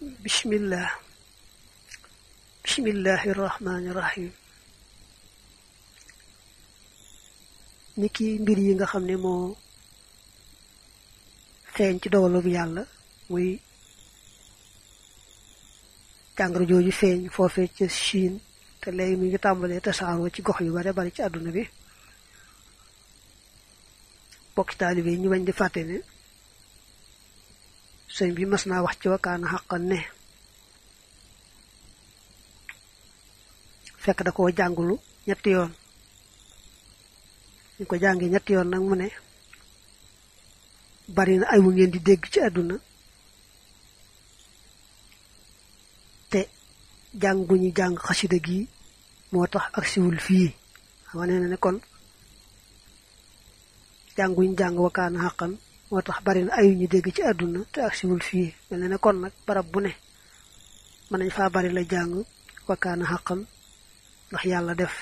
bismillah bismillahi rahmaani rahim ni ki mbir yi nga xam ne moo feeñ ci dogalub yàlla muy jàngoro jooju feeñ foofee ca Chine te léegi mi ngi tàmbalee tasaaroo ci gox yu bare bari ci àdduna bi bokk taalibe ñu bañ di fàtte ne sëñ bi mas naa wax ci wakaana xaqan ne fekk da koo jàngulu ñetti yoon ñu ko jàngi ñetti yoon nag mu ne bari na ay wu ngeen di dégg ci àdduna te jàng gu ñu xasida gi moo tax ak siwul fii xama nee na ne kon jànguñu jàng wakaana xaqan moo tax bari na ayu dégg ci àdduna te ak fii mel ne ne kon nag barab bu ne mën nañ faa bari la jàng wakkaana xaqan ndax yàlla def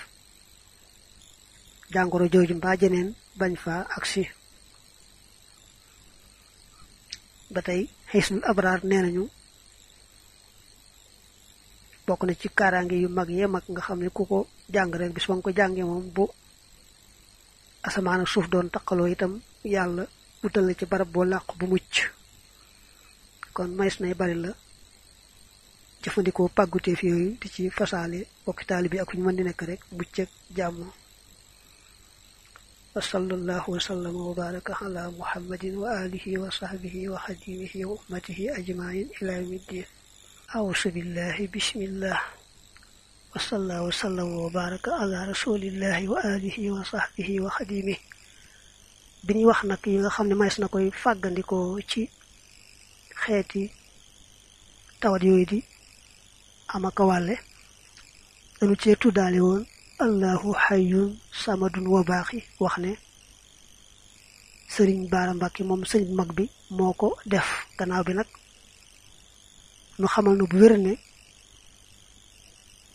jàngoro jooju mbaa jeneen bañ faa aksi ba tey xisnul abraar nee nañu bokk na ci kaaraange yu mag yee mag nga xam ne ku ko jàng rek bis ba nga ko jàngee moom bu asamaan ak suuf doon taqaloo itam yàlla utal la ci barab boo làqu bu mucc kon mays nay bari la jëfandikoo pàgguteef yooyu di ci fasaale bokki taalibe ak fu ñu mën di nekk rek mucc ak jàmm wa sallallahu wa sallama wa baraka ala muhammadin wa alihi wa sahbihi wa xadimihi bi ñuy wax nag yi nga xam ne manes na koy fàggandikoo ci xeeti tawat yooyu di ama ak wàlle dañu cee tuddaale woon allahu xayyun samadun wa baaxi wax ne sëriñ baara mbàkki moom sëñ mag bi moo ko def gannaaw bi nag nu xamal nu bu wér ne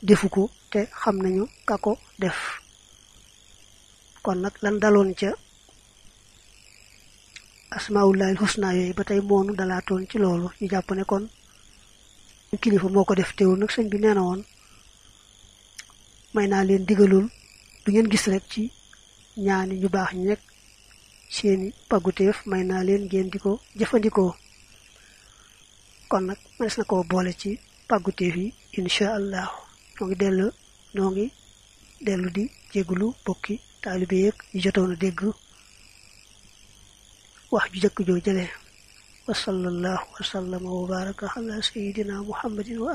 defu ko te xam nañu ka ko def kon nag lan daloon ca asmaaullahi husna yooyu ba tey moonu dalaatoon ci loolu ñu jàpp ne kilifa moo ko def teewul nag sëñ bi nee woon may naa leen digalul du ngeen gis rek ci ñaani ñu baax ñi nekk seeni pagguteef may naa leen ngeen di ko jëfandikoo kon nag mënees na koo boole ci pagguteef yi incha allah noo ngi dellu ngi dellu di jégalu bokki taalibe yeeg ñu jotoon a dégg wax ju jëkk joo jële wa sallallahu wa sallama wa baraka ala sayidina muhammadin wa